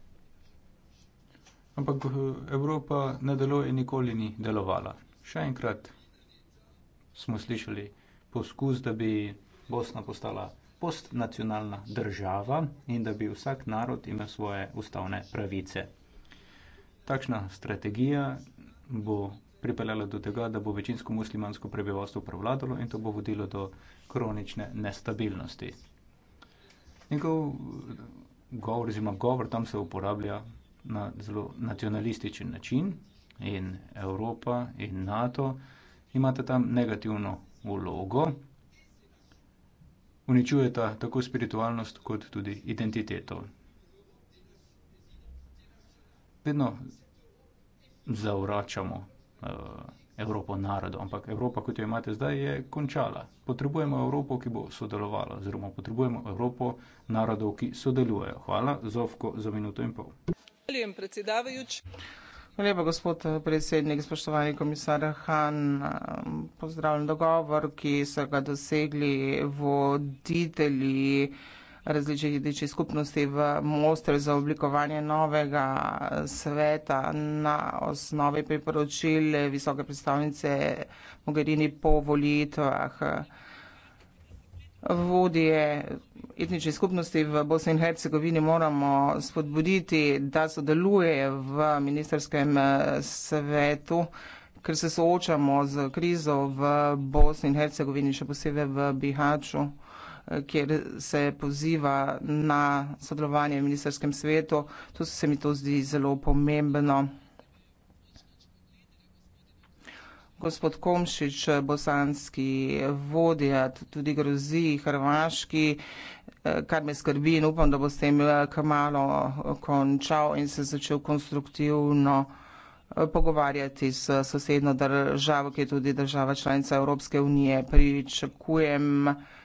Ampak eh, Evropa ne deluje in nikoli ni delovala. Še enkrat smo slišali poskus, da bi Bosna postala postnacionalna država in da bi vsak narod imel svoje ustavne pravice. Takšna strategija bo pripeljala do tega, da bo večinsko muslimansko prebivalstvo prevladalo in to bo vodilo do kronične nestabilnosti. Njegov govor, oziroma govor tam se uporablja na zelo nacionalističen način in Evropa in NATO imata tam negativno vlogo uničujeta tako spiritualnost kot tudi identiteto. Vedno zavračamo uh, Evropo narodo, ampak Evropa, kot jo imate zdaj, je končala. Potrebujemo Evropo, ki bo sodelovala, oziroma potrebujemo Evropo narodov, ki sodelujejo. Hvala, Zovko, za minuto in pol. Hvala, predsedavajoč. Hvala lepa, gospod eh, predsednik, spoštovani komisar Han. Ehm, Pozdravljen dogovor, ki so ga dosegli voditelji različnih jedičnih skupnosti v Mostru za oblikovanje novega eh, sveta na osnovi priporočile eh, visoke predstavnice Mogherini po volitvah vodje etnične skupnosti v Bosni in Hercegovini moramo spodbuditi, da sodeluje v ministerskem eh, svetu, ker se soočamo z krizo v Bosni in Hercegovini, še posebej v Bihaču, eh, kjer se poziva na sodelovanje v ministerskem svetu. To se mi to zdi zelo pomembno. gospod Komšič, bosanski vodja, tudi grozi Hrvaški, eh, kar me skrbi in upam, da bo s tem eh, kmalo končal in se začel konstruktivno eh, pogovarjati s sosedno državo, ki je tudi država članica Evropske unije. Pričakujem,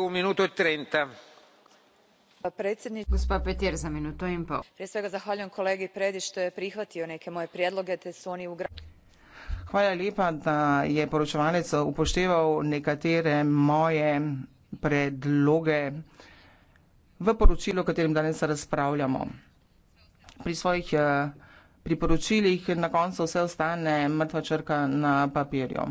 gospa e predsjednice gospa petir za minuto in pol. prije svega zahvaljujem kolegi predi što je prihvatio neke moje prijedloge te su oni ugrađeni. hvala lijepa da je poročevalec upošteval nekatere moje predloge v poročilu o katerem danes razpravljamo. pri svojih eh, priporočilih na koncu vse ostane mrtva črka na papirju.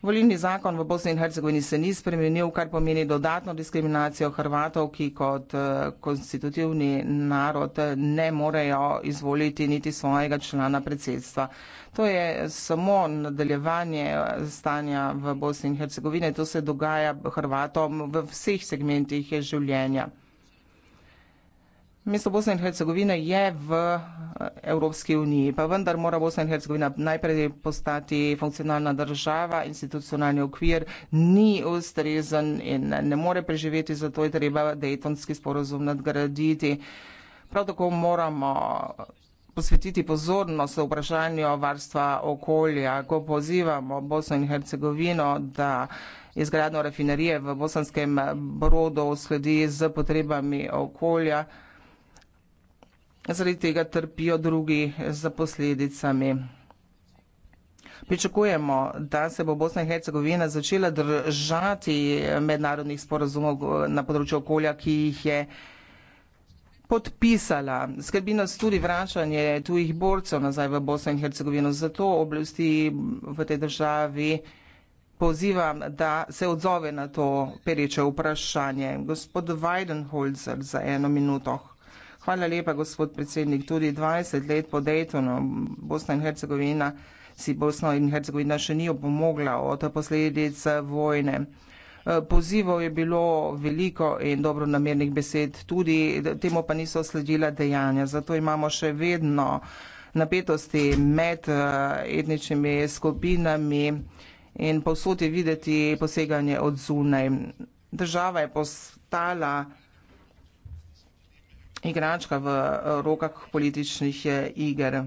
Volilni zakon v Bosni in Hercegovini se ni spremenil, kar pomeni dodatno diskriminacijo Hrvatov, ki kot eh, konstitutivni narod ne morejo izvoliti niti svojega člana predsedstva. To je samo nadaljevanje stanja v Bosni in Hercegovini, to se dogaja Hrvatom v vseh segmentih življenja. Mesto Bosne in Hercegovine je v eh, Evropski uniji, pa vendar mora Bosna in Hercegovina najprej postati funkcionalna država, institucionalni okvir ni ustrezen in ne more preživeti, zato je treba dejtonski sporozum nadgraditi. Prav tako moramo posvetiti pozornost v vprašanju varstva okolja, ko pozivamo Bosno in Hercegovino, da izgradno rafinerije v bosanskem brodu sledi z potrebami okolja zaradi tega trpijo drugi za posledicami. Pričakujemo, da se bo Bosna in Hercegovina začela držati mednarodnih sporazumov na področju okolja, ki jih je podpisala. Skrbi nas tudi vračanje tujih borcev nazaj v Bosno in Hercegovino. Zato oblasti v tej državi pozivam, da se odzove na to pereče vprašanje. Gospod Weidenholzer za eno minuto. Hvala lepa, gospod predsednik. Tudi 20 let po Daytonu Bosna in Hercegovina si Bosna in Hercegovina še ni opomogla od posledic vojne. Eh, pozivov je bilo veliko in dobro namernih besed, tudi temu pa niso sledila dejanja. Zato imamo še vedno napetosti med eh, etničnimi skupinami in posod je videti poseganje od zunaj. Država je postala igračka v eh, rokah političnih eh, iger.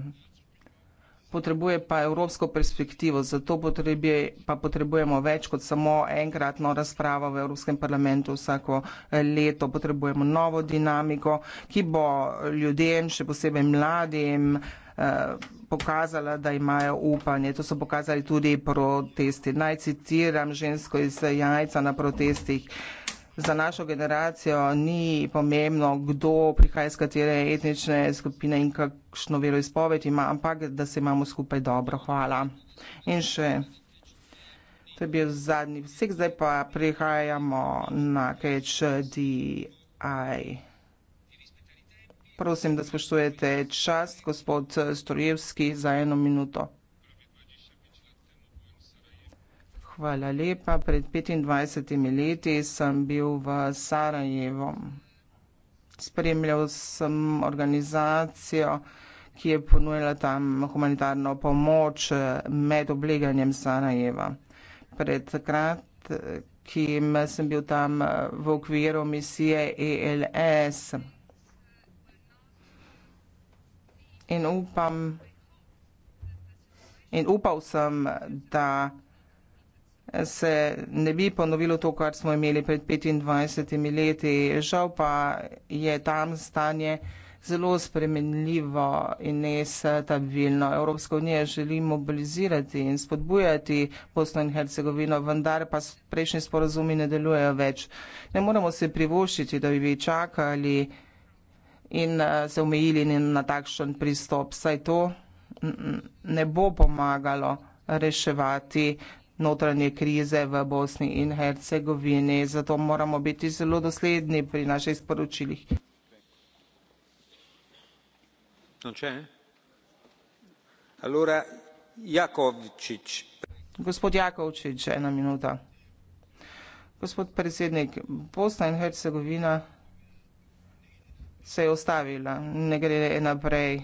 Potrebuje pa evropsko perspektivo, zato potrebuje, pa potrebujemo več kot samo enkratno razpravo v Evropskem parlamentu vsako eh, leto. Potrebujemo novo dinamiko, ki bo ljudem, še posebej mladim, pokazala, da imajo upanje. To so pokazali tudi protesti. Naj citiram žensko iz jajca na protestih za našo generacijo ni pomembno, kdo prihaja iz katere etnične skupine in kakšno veroizpoved ima, ampak da se imamo skupaj dobro. Hvala. In še, to je bil zadnji vsek, zdaj pa prihajamo na KHDI. Prosim, da spoštujete čas, gospod Storjevski, za eno minuto. Hvala lepa. Pred 25 leti sem bil v Sarajevo. Spremljal sem organizacijo, ki je ponujala tam humanitarno pomoč eh, med obleganjem Sarajeva. Pred kratkim eh, sem bil tam eh, v okviru misije ELS in upam in upal sem, da se ne bi ponovilo to, kar smo imeli pred 25 leti. Žal pa je tam stanje zelo spremenljivo in nestabilno. Evropska unija želi mobilizirati in spodbujati Bosno in Hercegovino, vendar pa prejšnji sporozumi ne delujejo več. Ne moramo se privošiti, da bi vi čakali in eh, se omejili na takšen pristop. Saj to ne bo pomagalo reševati notranje krize v Bosni in Hercegovini. Zato moramo biti zelo dosledni pri naših sporočilih. Gospod Jakovčič, ena minuta. Gospod predsednik, Bosna in Hercegovina se je ostavila, ne gre naprej.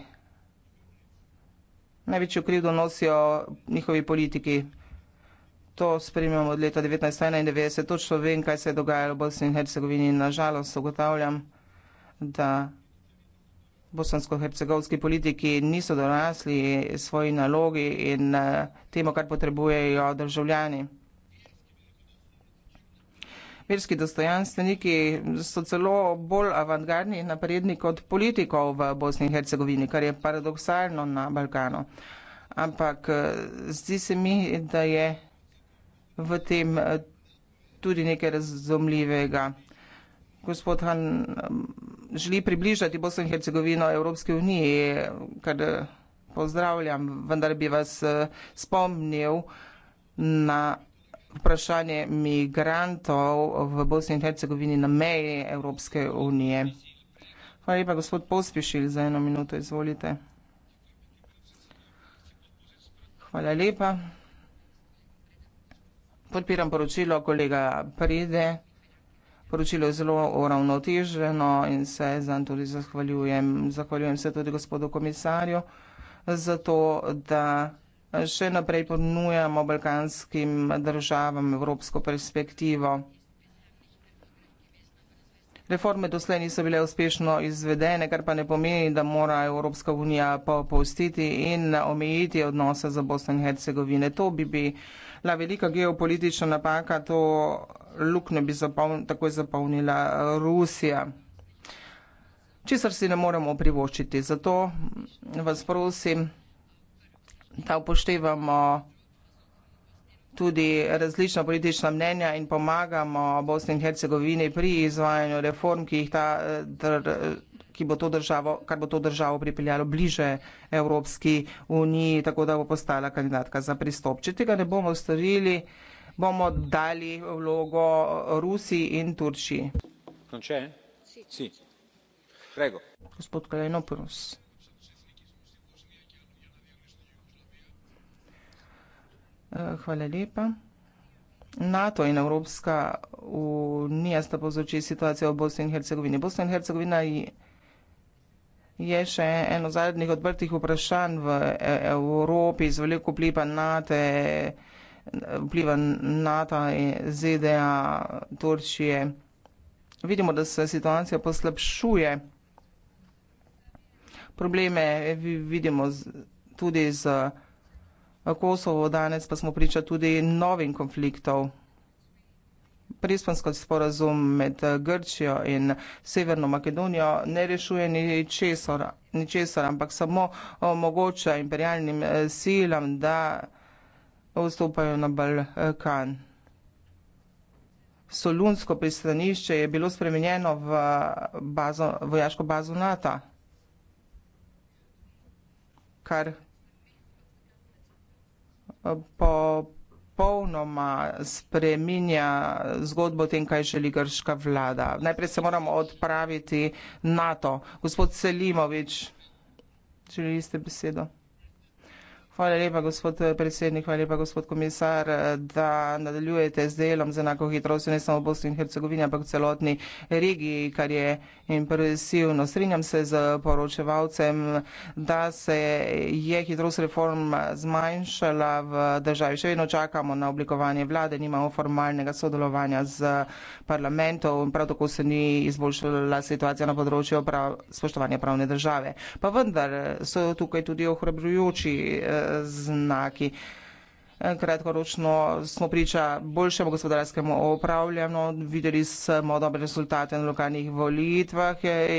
Največjo krivdo nosijo njihovi politiki to spremljamo od leta 1991, točno vem, kaj se je dogajalo v Bosni in Hercegovini. Nažalost ugotavljam, da bosansko-hercegovski politiki niso dorasli svoji nalogi in eh, temu, kar potrebujejo državljani. Verski dostojanstveniki so celo bolj avantgardni in napredni kot politikov v Bosni in Hercegovini, kar je paradoksalno na Balkanu. Ampak eh, zdi se mi, da je v tem eh, tudi nekaj razumljivega. Gospod Han eh, želi približati Bosno in Hercegovino Evropske unije, kar eh, pozdravljam, vendar bi vas spomnil na vprašanje migrantov v Bosni in Hercegovini na meji Evropske unije. Hvala lepa, gospod Pospišil, za eno minuto izvolite. Hvala lepa. Podpiram poročilo kolega Pride. Poročilo je zelo uravnoteženo in se zanj tudi zahvaljujem. Zahvaljujem se tudi gospodu komisarju za to, da še naprej ponujamo balkanskim državam evropsko perspektivo. Reforme doslej niso bile uspešno izvedene, kar pa ne pomeni, da mora Evropska unija popustiti in omejiti odnose za Bosno in Hercegovine. To bi bila velika geopolitična napaka, to lukne bi zapolni, takoj zapolnila Rusija. Česar si ne moremo privoščiti, zato vas prosim, da upoštevamo tudi različna politična mnenja in pomagamo Bosni in Hercegovini pri izvajanju reform, ki jih ta. Dr, Ki bo to državo, kar bo to državo pripeljalo bliže Evropski uniji, tako da bo postala kandidatka za pristop. Če tega ne bomo storili, bomo dali vlogo Rusiji in Turčiji. Konče? Si. Si. Gospod Kalenopros. Hvala lepa. NATO in Evropska unija sta povzročili situacijo v Bosni in Hercegovini. Bosna in Hercegovina je še eno zadnjih odprtih vprašanj v e, Evropi z veliko vpliva NATO, vpliva NATO, ZDA, Turčije. Vidimo, da se situacija poslabšuje. Probleme vidimo tudi z. Kosovo, danes pa smo priča tudi novim konfliktov. Prispansko sporazum med eh, Grčijo in Severno Makedonijo ne rešuje ničesor, ničesor, ampak samo eh, omogoča imperialnim eh, silam, da vstopajo na Balkan. Solunsko pristanišče je bilo spremenjeno v bazo, vojaško bazo NATO, kar popolnoma spreminja zgodbo o tem, kaj želi grška vlada. Najprej se moramo odpraviti NATO. Gospod Selimovič, želi ste besedo? Hvala lepa, gospod eh, predsednik, hvala lepa, gospod komisar, eh, da nadaljujete z delom z enako hitrostjo ne samo v Bosni in Hercegovini, ampak v celotni regiji, kar je impresivno. Strinjam se z poročevalcem, da se je hitrost reforma eh, zmanjšala v državi. Še vedno čakamo na oblikovanje vlade, nimamo formalnega sodelovanja z parlamentom in prav tako se ni izboljšala situacija na področju prav, spoštovanja pravne države. Pa vendar so tukaj tudi ohrabrujoči znaki. Kratkoročno smo priča boljšemu gospodarskemu opravljanju, videli smo dobre rezultate na lokalnih volitvah,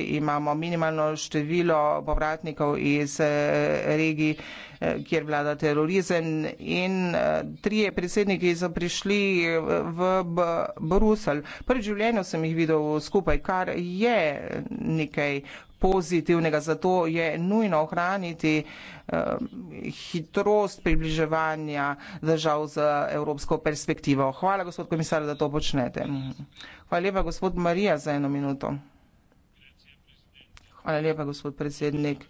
imamo minimalno število povratnikov iz eh, regij, eh, kjer vlada terorizem in eh, trije predsedniki so prišli v Brusel. Prvi življenju sem jih videl skupaj, kar je nekaj pozitivnega. Zato je nujno ohraniti eh, hitrost približevanja držav z evropsko perspektivo. Hvala, gospod komisar, da to počnete. Hvala lepa, gospod Marija, za eno minuto. Hvala lepa, gospod predsednik.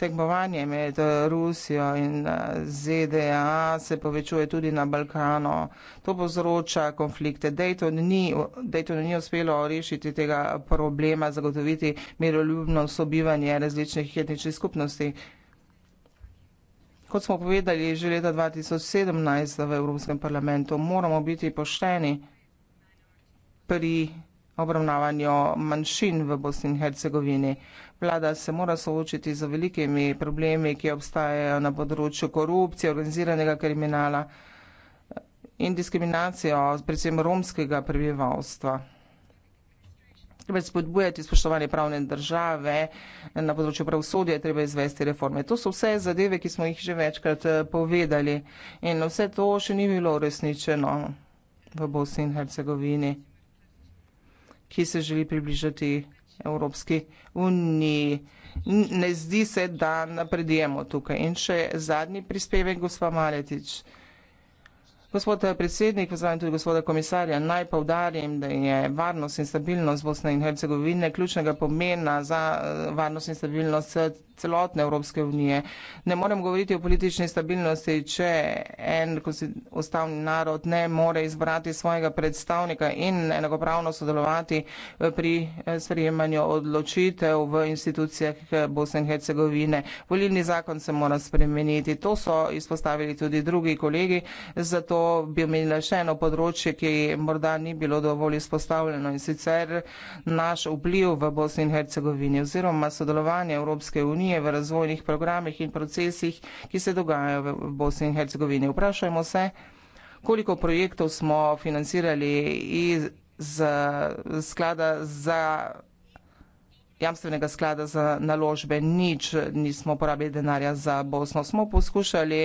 tekmovanje med eh, Rusijo in eh, ZDA se povečuje tudi na Balkanu. To povzroča konflikte. Dayton ni, Dayton ni uspelo rešiti tega problema, zagotoviti miroljubno sobivanje različnih etničnih skupnosti. Kot smo povedali že leta 2017 v Evropskem parlamentu, moramo biti pošteni pri obravnavanju manjšin v Bosni in Hercegovini. Vlada se mora soočiti z velikimi problemi, ki obstajajo na področju korupcije, organiziranega kriminala in diskriminacijo predvsem romskega prebivalstva. Treba je spodbujati spoštovanje pravne države, na področju pravosodja je treba izvesti reforme. To so vse zadeve, ki smo jih že večkrat eh, povedali in vse to še ni bilo uresničeno v Bosni in Hercegovini ki se želi približati Evropski uniji. Ne zdi se, da napredujemo tukaj. In še zadnji prispevek, gospa Maletič. Gospod eh, predsednik, pozdravljam tudi gospoda komisarja, naj povdarim, da je varnost in stabilnost Bosne in Hercegovine ključnega pomena za eh, varnost in stabilnost eh, celotne Evropske unije. Ne morem govoriti o politični stabilnosti, če en ustavni narod ne more izbrati svojega predstavnika in enakopravno sodelovati pri sprejemanju odločitev v institucijah Bosne in Hercegovine. Volilni zakon se mora spremeniti. To so izpostavili tudi drugi kolegi, zato bi imeli še eno področje, ki morda ni bilo dovolj izpostavljeno in sicer naš vpliv v Bosni in Hercegovini oziroma sodelovanje Evropske unije v razvojnih programih in procesih, ki se dogajajo v Bosni in Hercegovini. Vprašajmo se, koliko projektov smo financirali iz sklada za jamstvenega sklada za naložbe, nič nismo porabili denarja za Bosno. Smo poskušali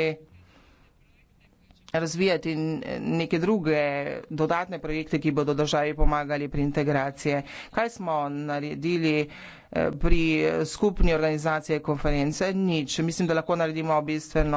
razvijati neke druge dodatne projekte, ki bodo državi pomagali pri integraciji. Kaj smo naredili eh, pri skupni organizaciji konference? Nič. Mislim, da lahko naredimo bistveno.